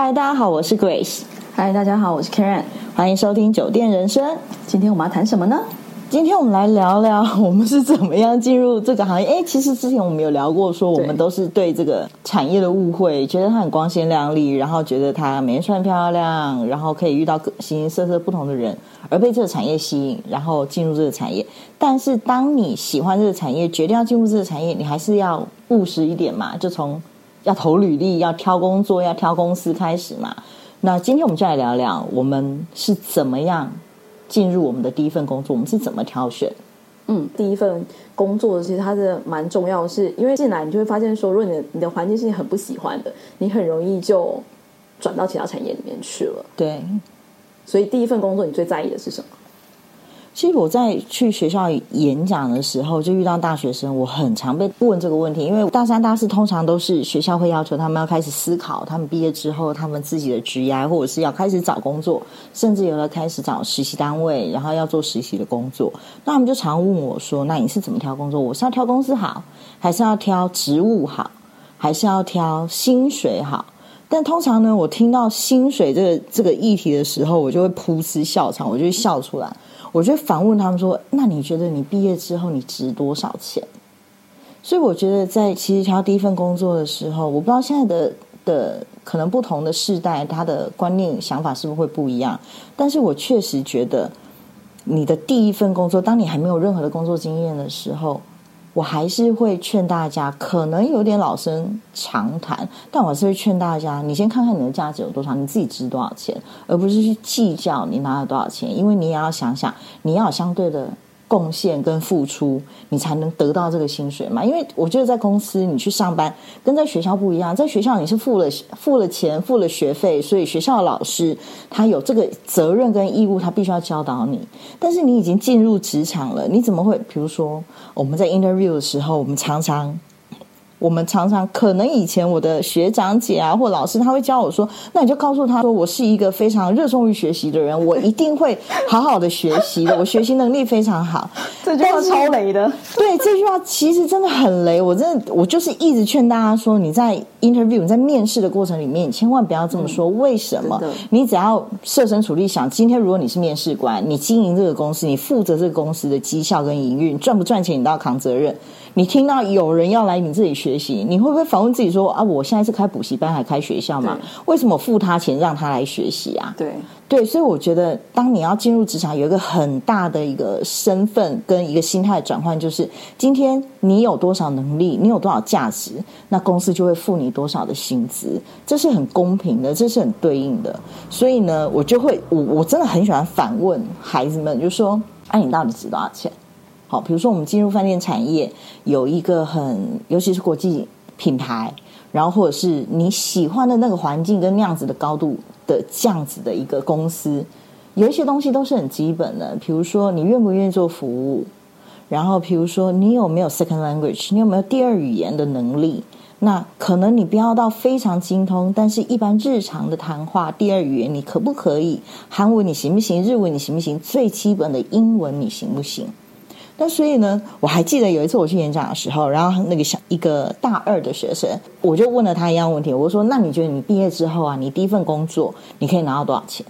嗨，Hi, 大家好，我是 Grace。嗨，大家好，我是 Karen。歡迎收聽《酒店人生》。今天我們要談什麼呢？今天我們來聊聊我們是怎麼樣進入這個行業。誒，其實之前我們有聊過，說我們都是對這個產業的誤會，對覺得它很光鮮亮麗，然後覺得它每天穿漂亮，然後可以遇到形形色色不同的人，而被這個產業吸引，然後進入這個產業。但是，當你喜歡這個產業，決定要進入這個產業，你還是要務實一點嘛？就從。要投履歷，要挑工作，要挑公司開始嘛。那今天我們就來聊聊，我們是怎麼樣進入我們的第一份工作，我們是怎麼挑選。嗯，第一份工作其實它是蠻重要的是，是因為進來你就會發現說，說如果你的你的環境是你很不喜歡的，你很容易就轉到其他產業裡面去了。對，所以第一份工作你最在意的是什麼？其實我在去學校演講的時候，就遇到大學生，我很常被問這個問題。因為大三、大四通常都是學校會要求他們要開始思考，他們畢業之後他們自己的職業，或者是要開始找工作，甚至有的開始找實習單位，然後要做實習的工作。那他們就常問我說：“那你是怎麼挑工作？我是要挑公司好，還是要挑職務好，還是要挑薪水好？”但通常呢，我聽到薪水這個這個議題的時候，我就會噗嗤笑場，我就會笑出來。我就反問他們說：“那你覺得你畢業之後你值多少錢？”所以我覺得，在其實挑第一份工作的時候，我不知道現在的的可能不同的世代，他的觀念想法是不是會不一樣。但是我確實覺得，你的第一份工作，當你還沒有任何的工作經驗的時候。我還是會勸大家，可能有點老生常談，但我還是會勸大家，你先看看你的價值有多少，你自己值多少錢，而不是去計較你拿了多少錢，因為你也要想想，你要有相對的。貢獻跟付出，你才能得到這個薪水嘛？因為我覺得在公司你去上班，跟在學校不一樣。在學校你是付了付了錢，付了學費，所以學校的老師他有這個責任跟義務，他必須要教導你。但是你已經進入職場了，你怎麼會？比如說我們在 interview 的時候，我們常常。我們常常可能以前我的學長姐啊或老師他會教我說，那你就告訴他說，我是一個非常熱衷於學習的人，我一定會好好的學習的， 我學習能力非常好。這句話超雷的，對，這句話其實真的很雷。我真的我就是一直勸大家說，你在 interview 在面試的過程裡面，你千萬不要這麼說。嗯，為什麼？真的。你只要設身處地想，今天如果你是面試官，你經營這個公司，你負責這個公司的績效跟營運，賺不賺錢你都要扛責任。你聽到有人要來你這裡學習，你會不會反問自己說啊，我現在是開補習班還開學校嘛？對為什麼付他錢讓他來學習啊？對對，所以我覺得，當你要進入職場，有一個很大的一個身份跟一個心態的轉換，就是今天你有多少能力，你有多少價值，那公司就會付你多少的薪資，這是很公平的，這是很對應的。所以呢，我就會我我真的很喜歡反問孩子們，就是、說：哎、啊，你到底值多少錢？好，比如說我們進入飯店產業，有一個很，尤其是國際品牌，然後或者是你喜歡的那個環境跟那樣子的高度的這樣子的一個公司，有一些東西都是很基本的。比如說你願不願意做服務，然後比如說你有沒有 second language，你有沒有第二語言的能力？那可能你不要到非常精通，但是一般日常的談話，第二語言你可不可以？韓文你行不行？日文你行不行？最基本的英文你行不行？但所以呢，我還記得有一次我去演講的時候，然後那個小一個大二的學生，我就問了他一樣問題，我說：“那你覺得你畢業之後啊，你第一份工作你可以拿到多少錢？”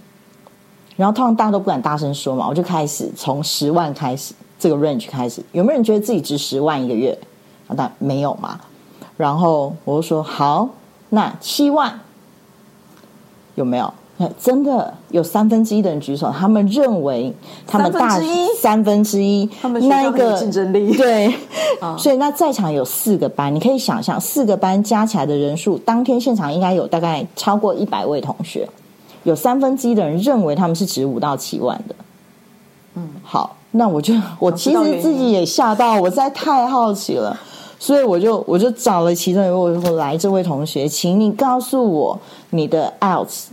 然後通常大家都不敢大聲說嘛，我就開始從十萬開始這個 range 開始，有沒有人覺得自己值十萬一個月？啊，但沒有嘛？然後我就說：“好，那七萬有沒有？”嗯、真的有三分之一的人舉手，他們認為他們大，三分之一三分之一，之一他們一個競爭力，對，嗯、所以那在場有四個班，你可以想象四個班加起來的人數，當天現場應該有大概超過一百位同學，有三分之一的人認為他們是值五到七萬的。嗯，好，那我就我其實自己也嚇到，我實在太好奇了，嗯、所以我就我就找了其中一位我來這位同學，請你告訴我你的 outs，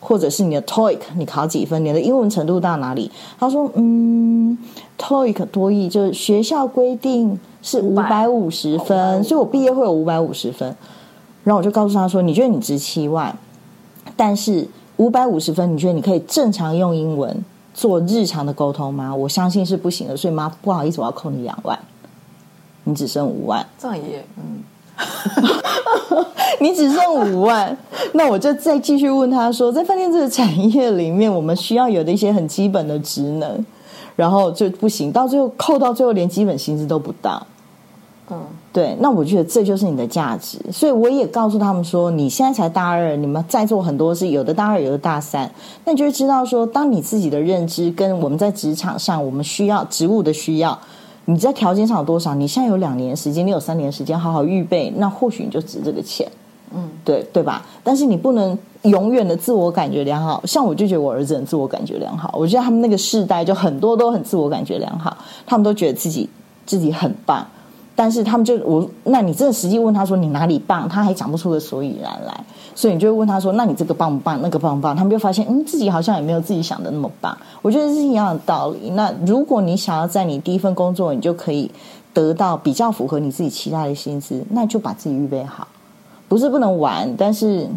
或者是你的 TOEIC 你考幾分？你的英文程度到哪裡？他說：“嗯 TOEIC 多益就是學校規定是五百五十分，所以我畢業會有五百五十分。嗯”然後我就告訴他說：“你覺得你值七萬？但是五百五十分，你覺得你可以正常用英文做日常的溝通嗎？我相信是不行的，所以媽不好意思，我要扣你兩萬，你只剩五萬。”這樣也嗯。 你只剩五萬，那我就再繼續問他說，在飯店這個產業裡面，我們需要有的一些很基本的職能，然後就不行，到最後扣到最後連基本薪資都不到。嗯，對，那我覺得這就是你的價值，所以我也告訴他們說，你現在才大二，你們在做很多事，有的大二，有的大三，那你就會知道說，當你自己的認知跟我們在職場上我們需要職務的需要。你在條件上有多少？你現在有兩年時間，你有三年時間好好預備，那或許你就值這個錢，嗯，對對吧？但是你不能永遠的自我感覺良好。像我就覺得我兒子很自我感覺良好，我覺得他們那個世代就很多都很自我感覺良好，他們都覺得自己自己很棒。但是他們就我，那你真的實際問他說你哪裡棒？他還講不出個所以然來，所以你就會問他說，那你這個棒不棒，那個棒不棒？他們就發現，嗯，自己好像也沒有自己想的那麼棒。我覺得是一樣的道理。那如果你想要在你第一份工作，你就可以得到比較符合你自己期待的薪資，那就把自己預備好。不是不能玩，但是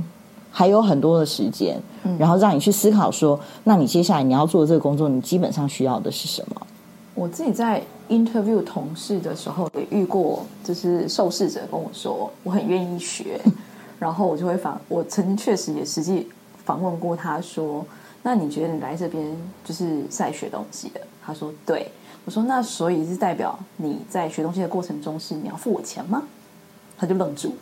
還有很多的時間，然後讓你去思考說，那你接下來你要做的這個工作，你基本上需要的是什麼？我自己在 interview 同事的時候也遇過，就是受試者跟我說，我很願意學，然後我就會訪，我曾經確實也實際訪問過他說，說那你覺得你來這邊就是在學東西的？他說對，我說那所以是代表你在學東西的過程中是你要付我錢嗎？他就愣住了。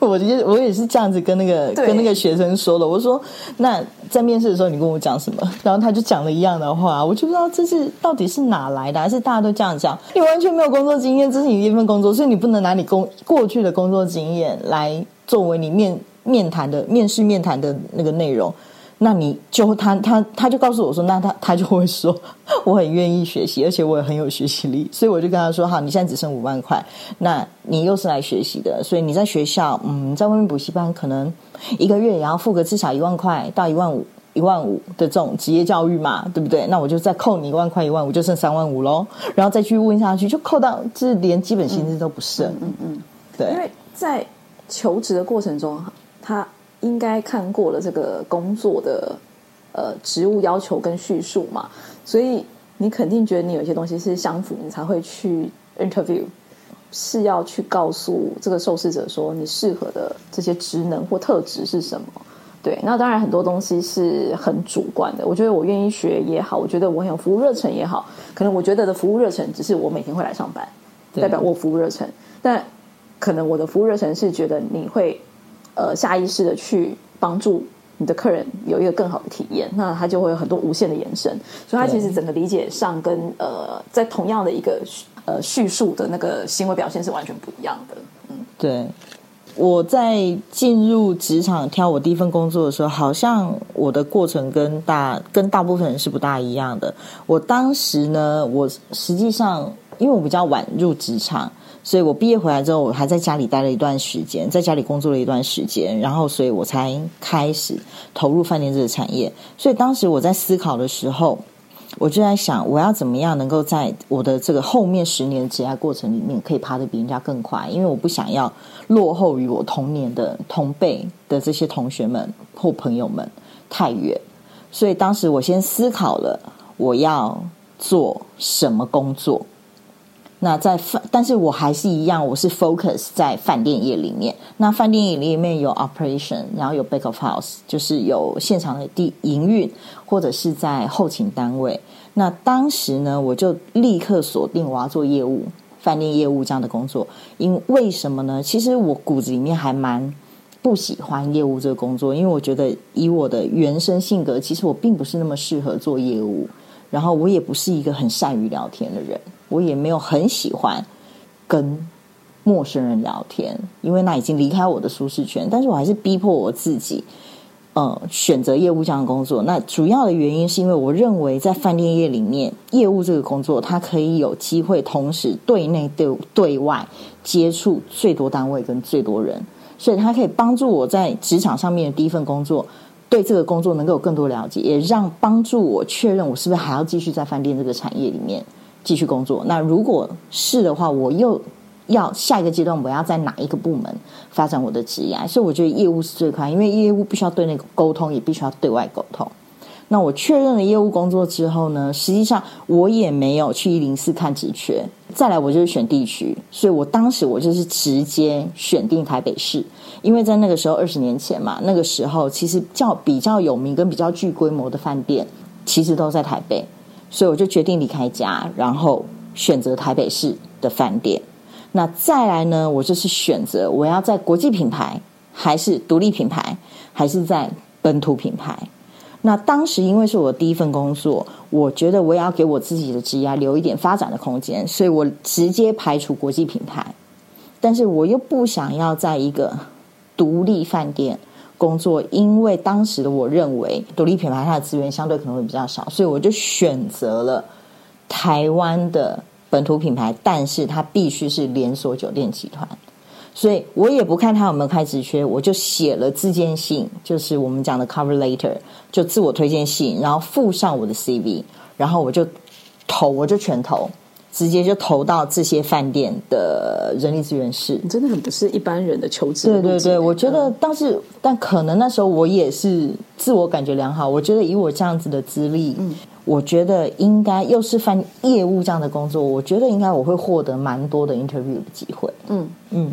我就是我也是這樣子跟那個對跟那個學生說的，我說，那在面試的時候你跟我講什麼，然後他就講了一樣的話，我就不知道這是到底是哪來的，還是大家都這樣講，你完全沒有工作經驗，這是你第一份工作，所以你不能拿你工過去的工作經驗來作為你面面談的面試面談的那個內容。那你就他他他就告訴我說，那他他就會說， 我很願意學習，而且我也很有學習力，所以我就跟他說，哈，你現在只剩五萬塊，那你又是來學習的，所以你在學校，嗯，在外面補習班，可能一個月也要付個至少一萬塊到一萬五，一萬五的這種職業教育嘛，對不對？那我就再扣你一萬塊，一萬五就剩三萬五嘍，然後再去問下去，就扣到這連基本薪資都不剩。嗯嗯，嗯嗯嗯對，因為在求職的過程中，哈，他。應該看過了這個工作的呃職務要求跟敘述嘛，所以你肯定覺得你有些東西是相符，你才會去 interview，是要去告訴這個受試者說你適合的這些職能或特質是什麼。對，那當然很多東西是很主觀的。我覺得我願意學也好，我覺得我很有服務熱忱也好，可能我覺得的服務熱忱只是我每天會來上班，對代表我服務熱忱。但可能我的服務熱忱是覺得你會。呃，下意識的去幫助你的客人有一個更好的體驗，那他就會有很多無限的延伸。所以，他其實整個理解上跟對呃，在同樣的一個呃敘述的那個行為表現是完全不一樣的。嗯，對。我在進入職場挑我第一份工作的時候，好像我的過程跟大跟大部分人是不大一樣的。我當時呢，我實際上因為我比較晚入職場。所以我畢業回來之後，我還在家裡待了一段時間，在家裡工作了一段時間，然後，所以我才開始投入飯店這個產業。所以當時我在思考的時候，我就在想，我要怎麼樣能夠在我的這個後面十年的職業過程裡面，可以爬得比人家更快？因為我不想要落後於我同年的同輩的這些同學們或朋友們太遠。所以當時我先思考了，我要做什麼工作。那在飯，但是我還是一樣，我是 focus 在飯店業裡面。那飯店業裡面有 operation，然後有 back of house，就是有現場的營運，或者是在後勤單位。那當時呢，我就立刻鎖定我要做業務，飯店業務這樣的工作。因為什麼呢？其實我骨子裡面還蠻不喜歡業務這個工作，因為我覺得以我的原生性格，其實我並不是那麼適合做業務，然後我也不是一個很善於聊天的人。我也沒有很喜歡跟陌生人聊天，因為那已經離開我的舒適圈。但是我還是逼迫我自己，呃，選擇業務這樣的工作。那主要的原因是因為我認為在飯店業裡面，業務這個工作，它可以有機會同時對內對對外接觸最多單位跟最多人，所以它可以幫助我在職場上面的第一份工作，對這個工作能夠有更多了解，也讓幫助我確認我是不是還要繼續在飯店這個產業裡面。繼續工作。那如果是的話，我又要下一個階段，我要在哪一個部門發展我的職業？所以我覺得業務是最快，因為業務必須要對內溝通，也必須要對外溝通。那我確認了業務工作之後呢，實際上我也沒有去一零四看職缺。再來，我就是選地區，所以我當時我就是直接選定台北市，因為在那個時候二十年前嘛，那個時候其實較比較有名跟比較具規模的飯店，其實都在台北。所以我就決定離開家，然後選擇台北市的飯店。那再來呢？我就是選擇我要在國際品牌，還是獨立品牌，還是在本土品牌？那當時因為是我第一份工作，我覺得我也要給我自己的職業留一點發展的空間，所以我直接排除國際品牌。但是我又不想要在一個獨立飯店。工作，因為當時的我認為獨立品牌它的資源相對可能會比較少，所以我就選擇了台灣的本土品牌，但是它必須是連鎖酒店集團，所以我也不看它有沒有開職缺，我就寫了自薦信，就是我們講的 cover letter，就自我推薦信，然後附上我的 CV，然後我就投，我就全投。直接就投到這些飯店的人力資源室，你真的很不是一般人的求職。對對對，那個、我覺得但是，但可能那時候我也是自我感覺良好，我覺得以我這樣子的資歷，嗯、我覺得應該又是翻業務這樣的工作，我覺得應該我會獲得蠻多的 interview 的機會。嗯嗯，嗯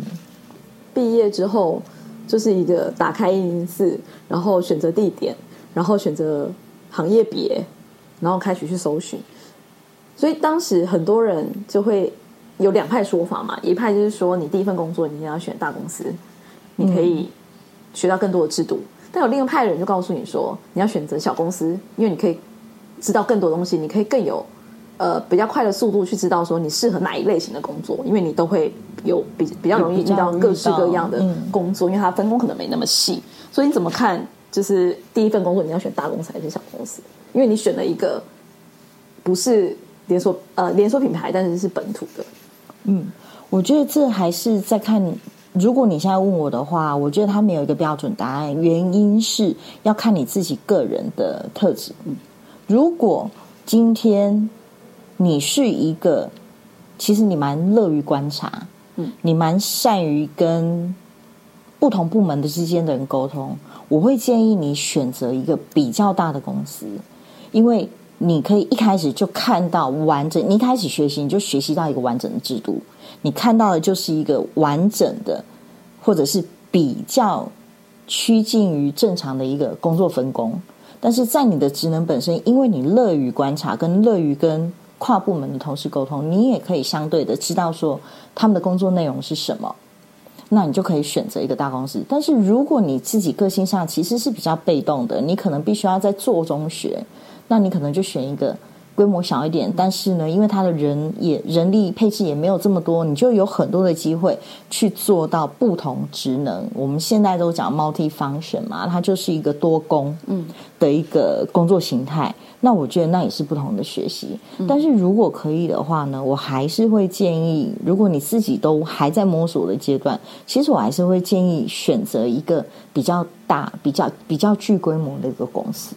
畢業之後就是一個打開一零四，然後選擇地點，然後選擇行業別，然後開始去搜尋。所以當時很多人就會有兩派說法嘛，一派就是說你第一份工作你一定要選大公司，嗯、你可以學到更多的制度；但有另一派的人就告訴你說，你要選擇小公司，因為你可以知道更多東西，你可以更有呃比較快的速度去知道說你適合哪一類型的工作，因為你都會有比比較容易遇到各式各樣的工作，嗯、因為它分工可能沒那麼細。所以你怎麼看？就是第一份工作你要選大公司還是小公司？因為你選了一個不是。連鎖呃，連鎖品牌，但是是本土的。嗯，我覺得這還是在看。如果你現在問我的話，我覺得它沒有一個標準答案。原因是要看你自己個人的特質。嗯，如果今天你是一個，其實你蠻樂於觀察，嗯，你蠻善於跟不同部門的之間的人溝通，我會建議你選擇一個比較大的公司，因為。你可以一開始就看到完整，你一開始學習你就學習到一個完整的制度，你看到的就是一個完整的，或者是比較趨近於正常的一個工作分工。但是在你的職能本身，因為你樂於觀察，跟樂於跟跨部門的同事溝通，你也可以相對的知道說他們的工作內容是什麼。那你就可以選擇一個大公司。但是如果你自己個性上其實是比較被動的，你可能必須要在做中學。那你可能就選一個規模小一點，嗯、但是呢，因為它的人也人力配置也沒有這麼多，你就有很多的機會去做到不同職能。我們現在都講 multi function 嘛，它就是一個多工嗯的一個工作形態。嗯、那我覺得那也是不同的學習。嗯、但是如果可以的話呢，我還是會建議，如果你自己都還在摸索的階段，其實我還是會建議選擇一個比較大、比較比較具規模的一個公司。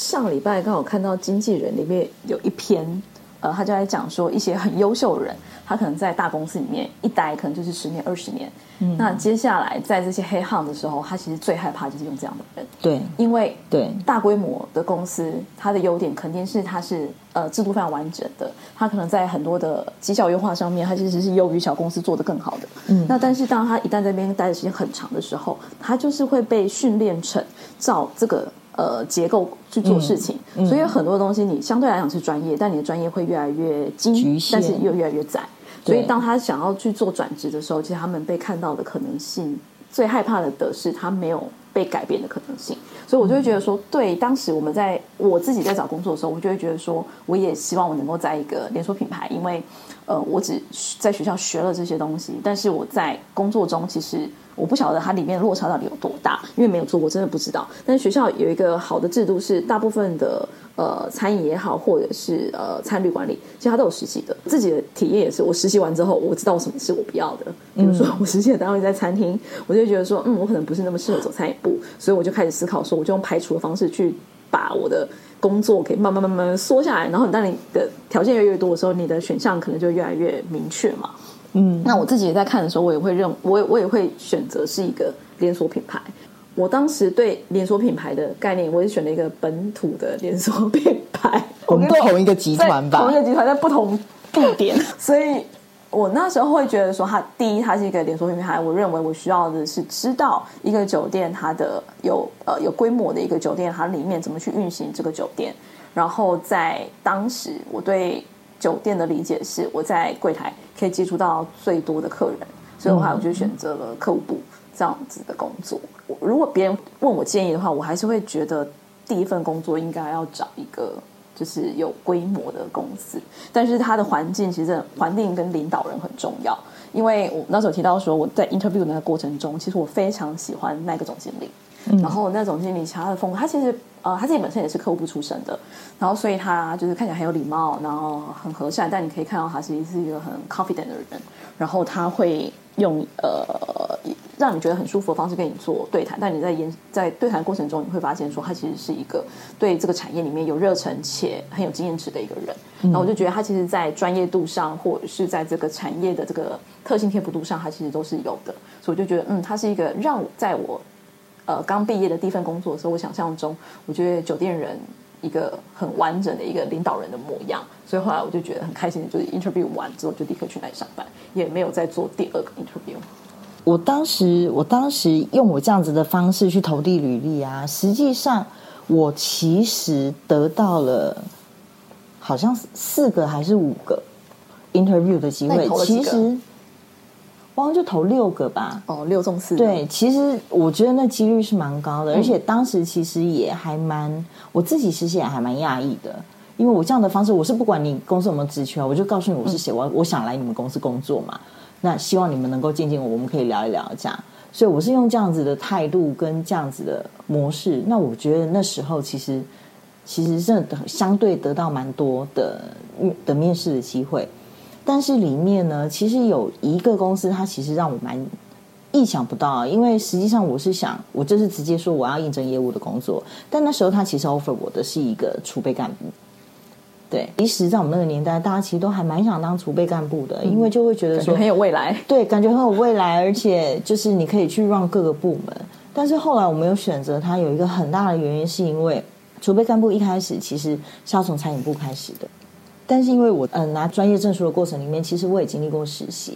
上禮拜剛好看到經理人裡面有一篇，呃，他就在講說一些很優秀的人，他可能在大公司裡面一待，可能就是十年二十年。嗯，那接下來在這些 hiring 的時候，他其實最害怕就是用這樣的人。對，因為對大規模的公司，它的優點肯定是它是呃制度非常完整的，它可能在很多的績效優化上面，它其實是優於小公司做得更好的。嗯，那但是當他一旦在那邊待的時間很長的時候，他就是會被訓練成照這個。呃，結構去做事情，嗯、所以有很多東西你相對來講是專業，嗯、但你的專業會越來越精，限但是又越來越窄。對所以當他想要去做轉職的時候，其實他們被看到的可能性，最害怕的的是他沒有被改變的可能性。所以我就會覺得說，嗯、對，當時我們在我自己在找工作的時候，我就會覺得說，我也希望我能夠在一個連鎖品牌，因為。呃，我只在學校學了這些東西，但是我在工作中其實我不曉得它裡面的落差到底有多大，因為沒有做過，真的不知道。但是學校有一個好的制度是，大部分的呃餐飲也好，或者是呃餐旅管理，其實它都有實習的。自己的體驗也是，我實習完之後，我知道我什麼是我不要的。比如說，我實習的單位在餐廳，我就覺得說，嗯，我可能不是那麼適合走餐飲部，所以我就開始思考說，我就用排除的方式去。把我的工作給慢慢慢慢縮下來，然後你當你的條件越來越多的時候，你的選項可能就越來越明確嘛。嗯，那我自己也在看的時候，我也會認，我也我也會選擇是一個連鎖品牌。我當時對連鎖品牌的概念，我是選了一個本土的連鎖品牌，我們同一個集團吧，同一個集團在不同地點，所以。我那時候會覺得說，他第一，他是一個連鎖品牌。我認為我需要的是知道一個酒店它的有呃有規模的一個酒店，它裡面怎麼去運行這個酒店。然後在當時，我對酒店的理解是，我在櫃檯可以接觸到最多的客人，所以我後來我就選擇了客戶部這樣子的工作。如果別人問我建議的話，我還是會覺得第一份工作應該要找一個。就是有規模的公司，但是它的環境其實環境跟領導人很重要。因為我那時候提到說，我在 interview 的那個過程中，其實我非常喜歡那個總經理。嗯、然後那總經理其他的風格，他其實呃他自己本身也是客戶部出身的，然後所以他就是看起來很有禮貌，然後很和善，但你可以看到他其實是一個很 confident 的人，然後他會用呃。讓你覺得很舒服的方式跟你做對談，但你在演在對談過程中，你會發現說他其實是一個對這個產業裡面有熱忱且很有經驗值的一個人。那、嗯、我就覺得他其實，在專業度上，或者是在這個產業的這個特性貼服度上，他其實都是有的。所以我就覺得，嗯，他是一個讓我在我呃剛畢業的第一份工作的時候，我想象中我覺得酒店人一個很完整的一個領導人的模樣。所以後來我就覺得很開心，就是 interview 完之後就立刻去那裡上班，也沒有再做第二個 interview。我當時，我當時用我這樣子的方式去投遞履歷啊，實際上我其實得到了好像四個還是五個 interview 的機會。其實，忘了就投六個吧。哦，六中四。對，其實我覺得那幾率是蠻高的，嗯、而且當時其實也還蠻我自己，其實也還蠻訝異的，因為我這樣的方式，我是不管你公司有沒有職缺、啊、我就告訴你我是誰，我、嗯、我想來你們公司工作嘛。那希望你們能夠見見我，我們可以聊一聊這樣。所以我是用這樣子的態度跟這樣子的模式。那我覺得那時候其實其實是相對得到蠻多的的面試的機會。但是裡面呢，其實有一個公司，它其實讓我蠻意想不到，因為實際上我是想，我就是直接說我要應徵業務的工作。但那時候他其實 offer 我的是一個儲備幹部。對，其實，在我們那個年代，大家其實都還蠻想當儲備幹部的，嗯、因為就會覺得說很有未來。對，感覺很有未來，而且就是你可以去讓各個部門。但是後來我沒有選擇它，有一個很大的原因是因為儲備幹部一開始其實是要從餐飲部開始的。但是因為我嗯、呃、拿專業證書的過程裡面，其實我也經歷過實習。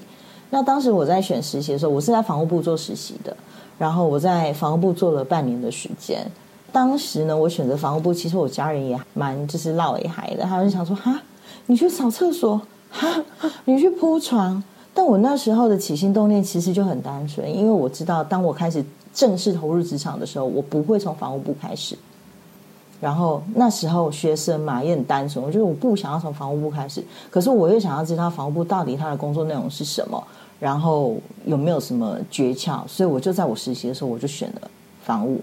那當時我在選實習的時候，我是在房務部做實習的，然後我在房務部做了半年的時間。當時呢，我選擇房務部，其實我家人也蠻就是鬧也一嗨的。他們想說：“哈，你去掃廁所，哈，你去鋪床。”但我那時候的起心動念其實就很單純，因為我知道，當我開始正式投入職場的時候，我不會從房務部開始。然後那時候學生嘛也很單純，我覺得我不想要從房務部開始，可是我又想要知道房務部到底他的工作內容是什麼，然後有沒有什麼訣竅，所以我就在我實習的時候我就選了房務。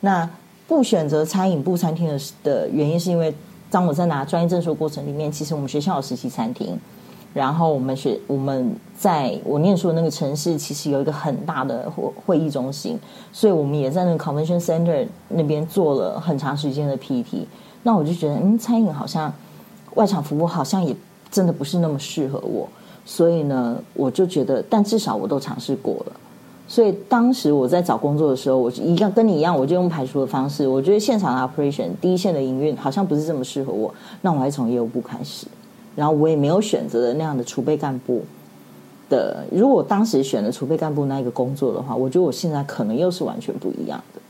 那不選擇餐飲部餐廳的的原因，是因為當我在拿專業證書過程裡面，其實我們學校有實習餐廳，然後我們學我們在我念書的那個城市，其實有一個很大的會會議中心，所以我們也在那個 Convention Center 那邊做了很長時間的 P T。那我就覺得，嗯，餐飲好像外場服務好像也真的不是那麼適合我，所以呢，我就覺得，但至少我都嘗試過了。所以當時我在找工作的時候，我一樣跟你一樣，我就用排除的方式。我覺得現場的 operation、第一線的營運好像不是這麼適合我，那我還從業務部開始。然後我也沒有選擇那樣的儲備幹部的。如果當時選了儲備幹部那一個工作的話，我覺得我現在可能又是完全不一樣的。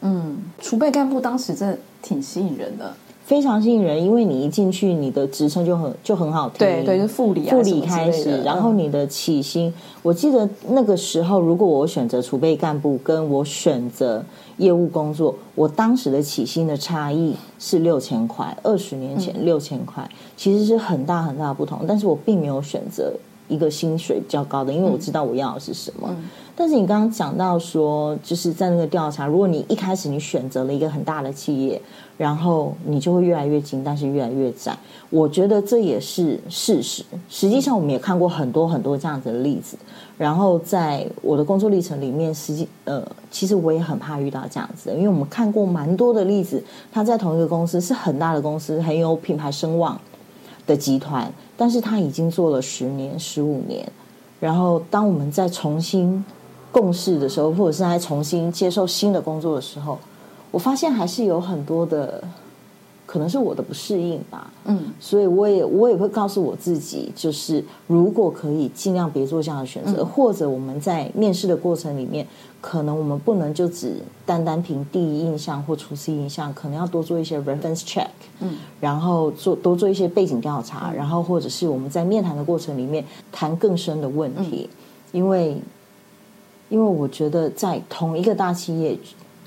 嗯，儲備幹部當時真的挺吸引人的。非常吸引人，因為你一進去，你的職稱就很就很好聽。對對，對就是副理、啊、副理開始，然後你的起薪，嗯、我記得那個時候，如果我選擇儲備幹部，跟我選擇業務工作，我當時的起薪的差異是六千塊。二十年前六千塊，嗯、其實是很大很大的不同。但是我並沒有選擇一個薪水比較高的，因為我知道我要的是什麼。嗯、但是你剛剛講到說，就是在那個調查，如果你一開始你選擇了一個很大的企業。然後你就會越來越精，但是越來越窄。我覺得這也是事實。實際上，我們也看過很多很多這樣子的例子。然後在我的工作歷程裡面，實際呃，其實我也很怕遇到這樣子的，因為我們看過蠻多的例子。他在同一個公司是很大的公司，很有品牌聲望的集團，但是他已經做了十年、十五年。然後當我們在重新共事的時候，或者是在重新接受新的工作的時候。我發現還是有很多的，可能是我的不適應吧。嗯，所以我也我也會告訴我自己，就是如果可以，儘量別做這樣的選擇。嗯、或者我們在面試的過程裡面，可能我們不能就只單單憑第一印象或初次印象，可能要多做一些 reference check。嗯，然後做多做一些背景調查，嗯、然後或者是我們在面談的過程裡面談更深的問題，嗯、因為因為我覺得在同一個大企業。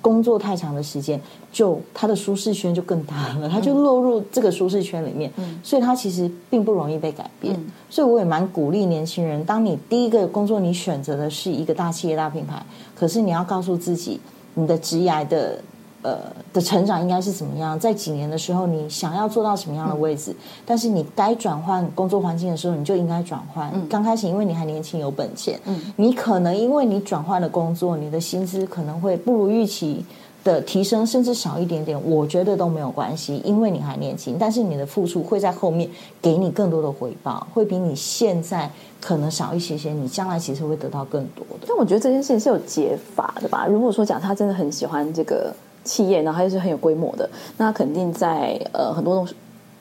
工作太長的時間，就它的舒適圈就更大了，它就落入這個舒適圈裡面，嗯、所以它其實並不容易被改變。嗯、所以我也蠻鼓勵年輕人，當你第一個工作你選擇的是一個大企業大品牌，可是你要告訴自己，你的職涯的，呃，的成長應該是怎麼樣？在幾年的時候，你想要做到什麼樣的位置？嗯，但是你該轉換工作環境的時候，你就應該轉換。嗯，剛開始，因為你還年輕，有本錢，嗯，你可能因為你轉換了工作，你的薪資可能會不如預期的提升，甚至少一點點。我覺得都沒有關係，因為你還年輕。但是你的付出會在後面給你更多的回報，會比你現在可能少一些些，你將來其實會得到更多的。但我覺得這件事情是有解法的吧？如果說講他真的很喜歡這個。企業，然後它就是很有規模的，那肯定在呃很多東西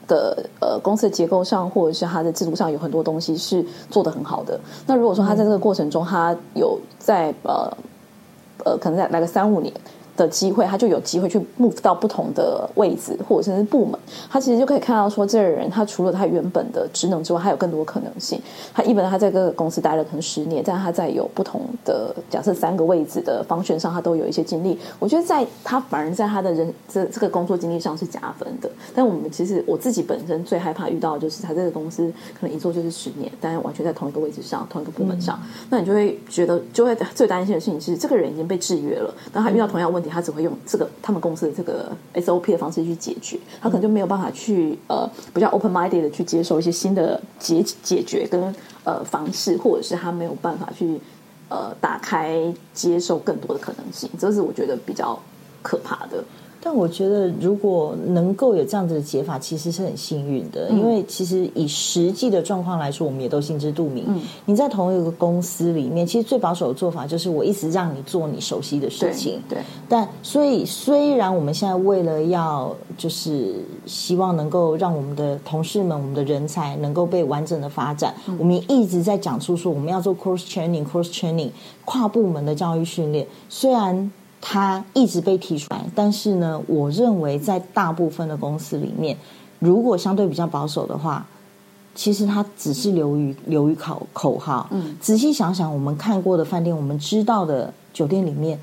的呃公司的結構上，或者是它的制度上，有很多東西是做得很好的。那如果說它在這個過程中，嗯、它有在呃呃，可能在來個三五年。的機會，他就有機會去 move 到不同的位置，或者是部門。他其實就可以看到說，這個人他除了他原本的職能之外，還有更多可能性。他一般他在這個公司待了可能十年，但他在有不同的假設三個位置的方向上，他都有一些經歷。我覺得在他反而在他的人這這個工作經歷上是加分的。但我們其實我自己本身最害怕遇到的就是他這個公司可能一做就是十年，但是完全在同一個位置上、同一個部門上，嗯、哼那你就會覺得就會最擔心的事情是這個人已經被制約了。然後他遇到同樣問題。嗯他只會用這個他們公司的這個 SOP 的方式去解決，他可能就沒有辦法去呃比較 open minded 的去接受一些新的解解決跟呃方式，或者是他沒有辦法去呃打開接受更多的可能性，這是我覺得比較可怕的。但我覺得，如果能夠有這樣子的解法，其實是很幸運的。嗯、因為其實以實際的狀況來說，我們也都心知肚明。嗯、你在同一個公司裡面，其實最保守的做法就是我一直讓你做你熟悉的事情。對。對，但所以，雖然我們現在為了要就是希望能夠讓我們的同事們、我們的人才能夠被完整的發展，嗯、我們一直在講出說我們要做 cross training、training, cross training 跨部門的教育訓練。雖然。它一直被提出來，但是呢，我認為在大部分的公司裡面，如果相對比較保守的話，其實它只是流於流於口口號。嗯，仔細想想，我們看過的飯店，我們知道的酒店裡面，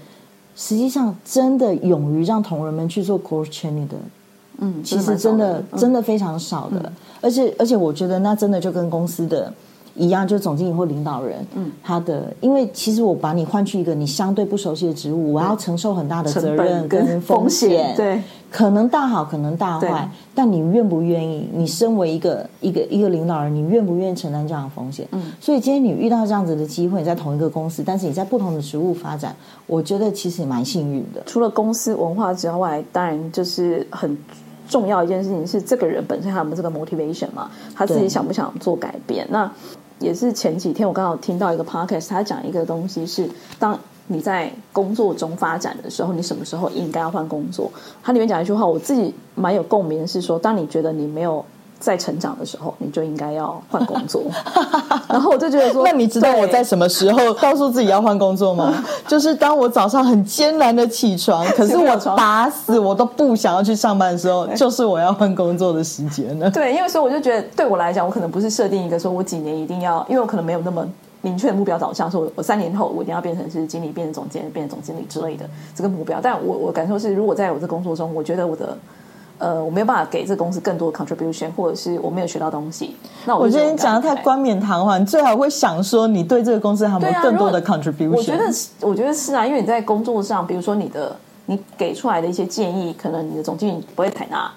實際上真的勇於讓同仁們去做 cross training 的，嗯，嗯其實真的真的非常少的。而且、嗯、而且，而且我覺得那真的就跟公司的一樣，就是總經理或領導人，嗯、他的，因為其實我把你換去一個你相對不熟悉的職務，嗯、我要承受很大的責任跟風險，風險對，可能大好，可能大壞。對但你願不願意？你身為一個一個一個領導人，你願不願意承擔這樣的風險？嗯，所以今天你遇到這樣子的機會，你在同一個公司，但是你在不同的職務發展，我覺得其實也蠻幸運的。除了公司文化之外，當然就是很重要一件事情是，這個人本身他有，有這個 motivation 嘛，他自己對想不想做改變？那也是前幾天我剛好聽到一個 podcast 他講一個東西是，當你在工作中發展的時候，你什麼時候應該要換工作？他裡面講一句話，我自己蠻有共鳴的，是說，當你覺得你沒有。在成長的時候，你就應該要換工作。 然後我就覺得說， 那你知道我在什麼時候告訴自己要換工作嗎？ 就是當我早上很艱難的起床，可是我打死我都不想要去上班的時候， 就是我要換工作的時間了。 對，因為所以我就覺得，對我來講，我可能不是設定一個說我幾年一定要，因為我可能沒有那麼明確的目標導向，說我三年後我一定要變成是經理，變成總監，變成總經理之類的這個目標。但我我感受是，如果在我的工作中，我覺得我的。呃，我沒有辦法給這個公司更多的 contribution，或者是我沒有學到東西。那我覺得你講得太冠冕堂皇，你最好會想說，你對這個公司還有沒有更多的 contribution？我覺得，我覺得是啊，因為你在工作上，比如說你的你給出來的一些建議，可能你的總經理不會採納，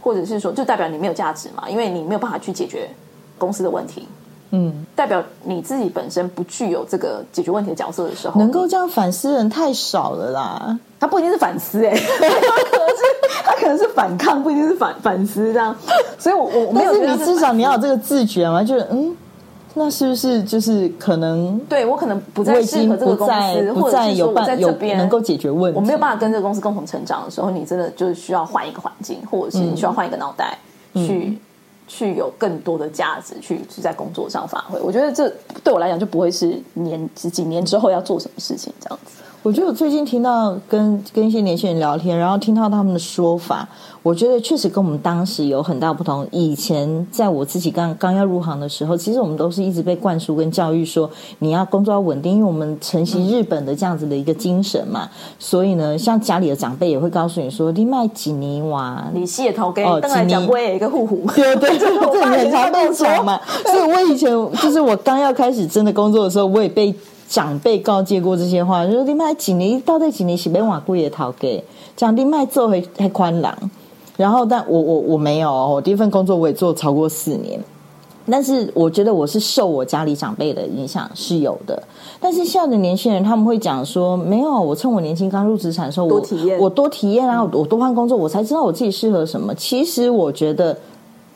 或者是說，就代表你沒有價值嘛？因為你沒有辦法去解決公司的問題，嗯，代表你自己本身不具有這個解決問題的角色的時候，能夠這樣反思人太少了啦。他不一定是反思、欸，哎，他可能是他可能是反抗，不一定是反反思這樣。所以我，我我，但是你至少你要有這個自覺嘛，就是嗯，那是不是就是可能對我可能不再適合這個公司，或者是在有有邊能夠解決問題，我沒有辦法跟這個公司共同成長的時候，你真的就需要換一個環境，或者是你需要換一個腦袋去、嗯、去有更多的價值去去在工作上發揮。我覺得這對我來講就不會是年幾年之後要做什麼事情這樣子。我覺得我最近聽到跟跟一些年輕人聊天，然後聽到他們的說法，我覺得確實跟我們當時有很大不同。以前在我自己剛剛要入行的時候，其實我們都是一直被灌輸跟教育說，你要工作要穩定，因為我們承襲日本的這樣子的一個精神嘛。嗯、所以呢，像家裡的長輩也會告訴你說，嗯、你賣幾尼娃，你洗頭跟鄧來講，不也、哦、一個護湖？年對對對，就我很常被說嘛。所以，我以前 就是我剛要開始真的工作的時候，我也被。長輩告誡過這些話，就說另外幾年，到底幾年是別往貴的逃給，講另外做會太寬朗。然後，但我我我沒有、哦，我第一份工作我也做超過四年，但是我覺得我是受我家裡長輩的影響是有的。但是現在的年輕人他們會講說，沒有，我趁我年輕剛入職場的時候，多體我我多體驗啊，我、嗯、我多換工作，我才知道我自己適合什麼。其實我覺得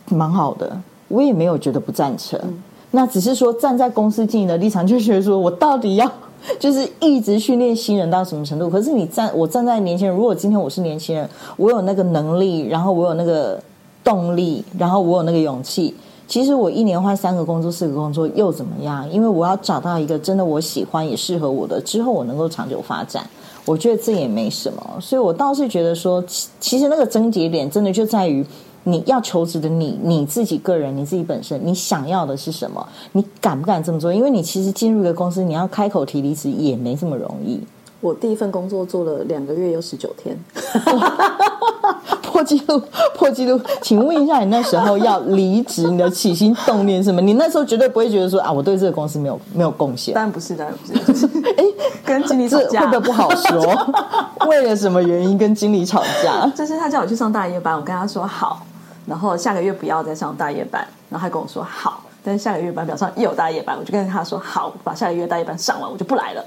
蠻好的，我也沒有覺得不贊成。嗯那只是說，站在公司經營的立場，就覺得說我到底要，就是一直訓練新人到什麼程度？可是你站我站在年輕人，如果今天我是年輕人，我有那個能力，然後我有那個動力，然後我有那個勇氣，其實我一年換三個工作、四個工作又怎麼樣？因為我要找到一個真的我喜歡也適合我的，之後我能夠長久發展，我覺得這也沒什麼。所以我倒是覺得說，其，其實那個症結點真的就在於。你要求職的你你自己個人你自己本身你想要的是什麼？你敢不敢這麼做？因為你其實進入一個公司，你要開口提離職也沒這麼容易。我第一份工作做了兩個月又十九天，破 紀錄，破紀錄。請問一下，你那時候要離職，你的起心動念是什麼？ 你那時候絕對不會覺得說啊，我對這個公司沒有沒有貢獻。當然不是，當然不是、 欸。跟經理吵架的不，不好說。 為了什麼原因跟經理吵架？就是他叫我去上大夜班，我跟他說好。然後下個月不要再上大夜班，然後他跟我說好，但是下個月班表上又有大夜班，我就跟他說好，把下個月大夜班上完，我就不來了。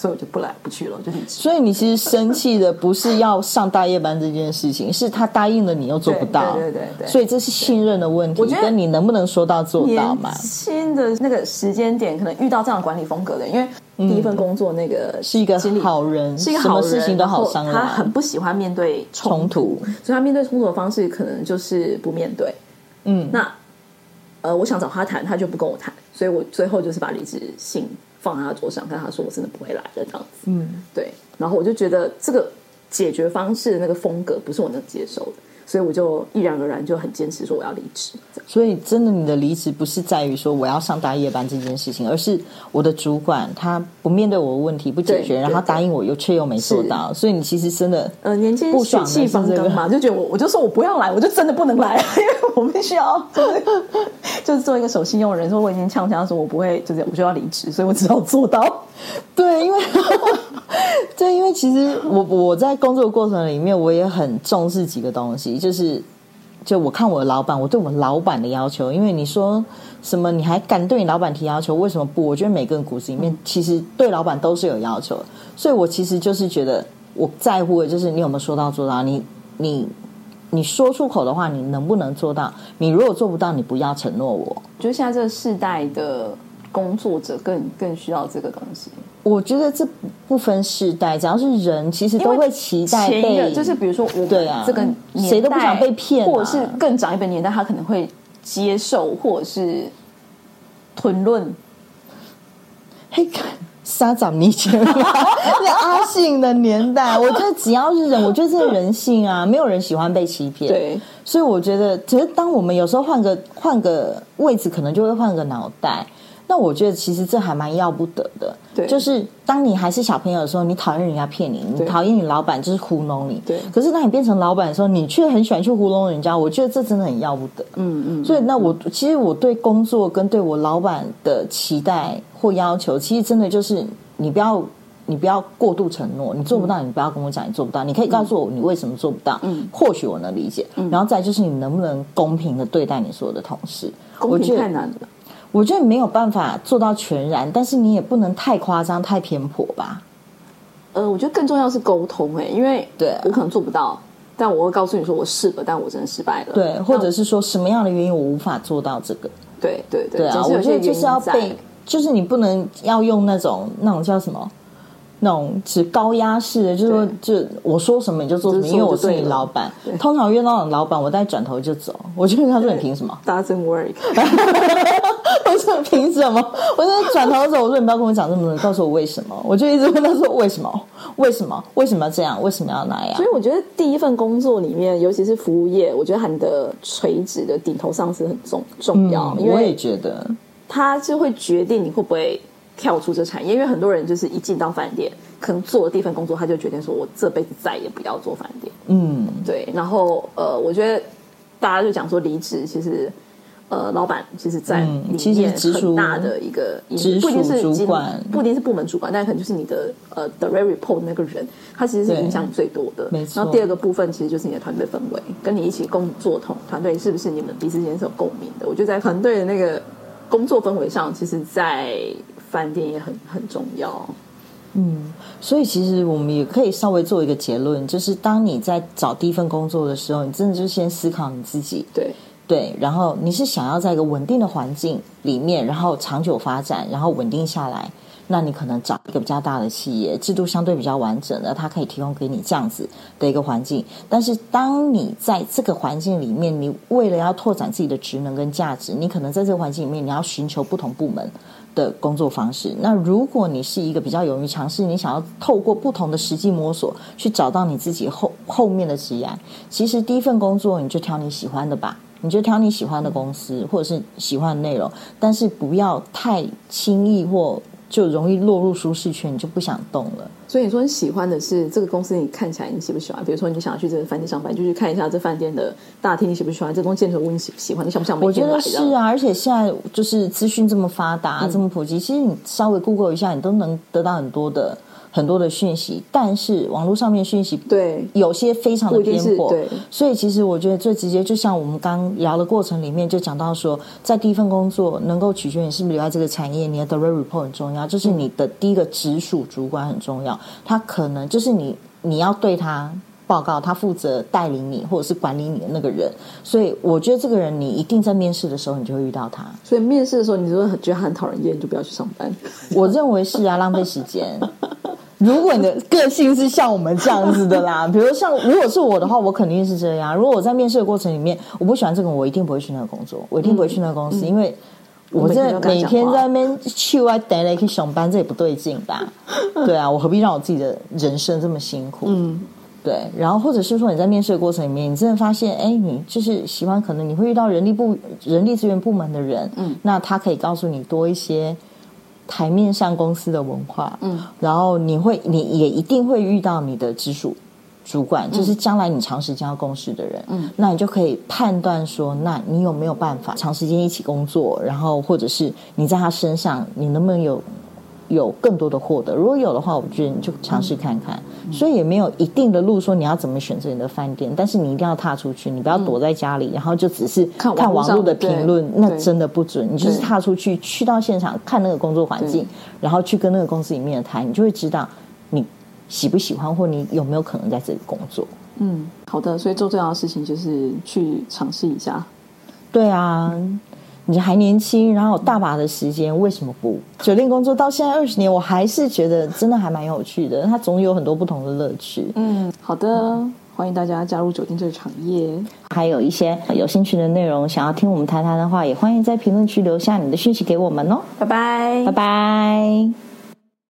所以我就不來不去了，就所以你其實生氣的不是要上大夜班這件事情， 是他答應了你又做不到。對對，對，對，所以這是信任的問題，我覺得你能不能說到做到嘛？新的那個時間點，可能遇到這樣的管理風格的，因為第一份工作那個、嗯、是一個好人，是一個好人，什麼事情都好商量。他很不喜歡面對衝突，衝突，所以他面對衝突的方式可能就是不面對。嗯，那呃，我想找他談，他就不跟我談，所以我最後就是把離職信。放在他桌上，看他說，我真的不會來了這樣子。嗯，對。然後我就覺得這個解決方式的那個風格不是我能接受的。所以我就毅然而然就很堅持說我要離職。所以真的，你的離職不是在於說我要上大夜班這件事情，而是我的主管他不面對我的問題不解決，對對對，然後他答應我又卻又沒做到。是所以你其實真的，的、這個，呃，年輕人血氣方剛嘛，就覺得我我就說我不要來，我就真的不能來，因為我必須要、就是，就是做一個守信用的人。說我已經嗆嗆說，我不會，就是我就要離職，所以我只好做到。對，因為， 對，因為其實我我在工作過程裡面，我也很重視幾個東西。就是，就我看我的老板，我對我老板的要求，因為你說什麼，你還敢對你老板提要求？為什麼不？我覺得每個人骨子裡面其實對老板都是有要求的，嗯、所以我其實就是覺得我在乎的就是你有沒有說到做到，你你你說出口的話，你能不能做到？你如果做不到，你不要承諾我。我覺得現在這個世代的工作者更更需要這個東西。我覺得這不分世代，只要是人，其實都會期待被。就是比如說我們，對啊，這個誰都不想被騙，啊，或者是更長一本年代，他可能會接受，或者是吞論。嘿，沙掌泥那阿信的年代，我覺得只要是人，我覺得這人性啊，對沒有人喜歡被欺騙。對，所以我覺得，其實當我們有時候換個換個位置，可能就會換個腦袋。那我覺得其實這還蠻要不得的，對，就是當你還是小朋友的時候，你討厭人家騙你，你討厭你老闆就是糊弄你，對。可是當你變成老闆的時候，你卻很喜歡去糊弄人家，我覺得這真的很要不得，嗯嗯。所以那我其實我對工作跟對我老闆的期待或要求，其實真的就是你不要你不要過度承諾，你做不到，你不要跟我講你做不到，你可以告訴我你為什麼做不到，嗯，或許我能理解。然後再就是你能不能公平的對待你所有的同事，公平太難了。我覺得沒有辦法做到全然，但是你也不能太誇張、太偏頗吧。呃，我覺得更重要是溝通、欸，哎，因為對我可能做不到，啊、但我會告訴你說我試了，但我真的失敗了。對，那或者是說什麼樣的原因我無法做到這個？對對對，對對對啊，我覺得就是要被，就是你不能要用那種那種叫什麼那種是高壓式的，對就是說就我說什麼你就做什麼，因為我是你老板。對通常遇到那種老板，我再轉頭就走，我就跟他說你憑什麼 憑什麼？我在轉頭的時候，我說：“你不要跟我講這麼多，告訴我為什麼。”我就一直問他說：“為什麼？為什麼？為什麼要這樣？為什麼要那樣？”所以我覺得第一份工作裡面，尤其是服務業，我覺得你的垂直的頂頭上司很重重要。嗯、因為我也覺得，他就會決定你會不會跳出這產業。因為很多人就是一進到飯店，可能做了第一份工作，他就決定說我這輩子再也不要做飯店。嗯，對。然後呃，我覺得大家就講說離職，其實。呃，老闆其實在裡面很大的一個，嗯、不一定是主管，不一定是部門主管，嗯、但可能就是你的呃，direct report 那個人，他其實是影響最多的。沒錯。然後第二個部分其實就是你的團隊氛圍，跟你一起工作同團隊是不是你們彼此間是有共鳴的？我覺得在團隊的那個工作氛圍上，其實，在飯店也很很重要。嗯，所以其實我們也可以稍微做一個結論，就是當你在找第一份工作的時候，你真的就先思考你自己。對。對，然後你是想要在一個穩定的環境裡面，然後長久發展，然後穩定下來，那你可能找一個比較大的企業，制度相對比較完整的，它可以提供給你這樣子的一個環境。但是，當你在這個環境裡面，你為了要拓展自己的職能跟價值，你可能在這個環境裡面，你要尋求不同部門的工作方式。那如果你是一個比較勇於嘗試，你想要透過不同的實際摸索去找到你自己後後面的職業，其實第一份工作你就挑你喜歡的吧。你就挑你喜歡的公司，嗯、或者是喜歡的內容，但是不要太輕易或就容易落入舒適圈，你就不想動了。所以你說你喜歡的是這個公司，你看起來你喜不喜歡？比如說，你就想要去這個飯店上班，你就去看一下這飯店的大廳，你喜不喜歡？這棟建築物，你喜不喜歡？你想不想？我覺得是啊，而且現在就是資訊這麼發達，嗯、這麼普及，其實你稍微 Google 一下，你都能得到很多的。很多的訊息，但是網絡上面訊息對，有些非常的偏頗，對。所以其實我覺得最直接，就像我們剛聊的過程裡面就講到說，在第一份工作能夠取決你是不是留在這個產業，你的 direct report 很重要，就是你的第一個直屬主管很重要，嗯、他可能就是你，你要對他，報告，他負責帶領你或者是管理你的那個人，所以我覺得這個人你一定在面試的時候你就會遇到他。所以面試的時候你就會覺得他很討人厭，你就不要去上班。我認為是啊， 浪費時間。如果你的個性是像我們這樣子的啦，比如像如果是我的話，我肯定是這樣。如果我在面試的過程裡面我不喜歡這個，我一定不會去那個工作，我一定不會去那個公司，因為我在每天在外面去外帶來去上班，這也不對勁吧？ 對啊，我何必讓我自己的人生這麼辛苦？嗯。對，然後或者是說你在面試的過程裡面，你真的發現，哎，你就是喜歡，可能你會遇到人力部人力資源部門的人，嗯，那他可以告訴你多一些台面上公司的文化，嗯，然後你會你也一定會遇到你的直屬主管，就是將來你長時間要共事的人，嗯，那你就可以判斷說，那你有沒有辦法長時間一起工作，然後或者是你在他身上你能不能有。有更多的獲得，如果有的話，我覺得你就嘗試看看。嗯、所以也沒有一定的路說你要怎麼選擇你的飯店，嗯、但是你一定要踏出去，你不要躲在家裡，嗯、然後就只是看網絡的評論，對那真的不準。對你就是踏出去，對去到現場看那個工作環境，對然後去跟那個公司裡面的談，你就會知道你喜不喜歡，或你有沒有可能在這裡工作。嗯，好的。所以做最重要的事情就是去嘗試一下。對啊。嗯你還年輕，然後有大把的時間，為什麼不酒店工作？到現在二十年，我還是覺得真的還蠻有趣的，它總有很多不同的樂趣。嗯，好的，嗯、歡迎大家加入酒店這個產業。還有一些有興趣的內容想要聽我們談談的話，也歡迎在評論區留下你的訊息給我們哦。拜拜，拜拜。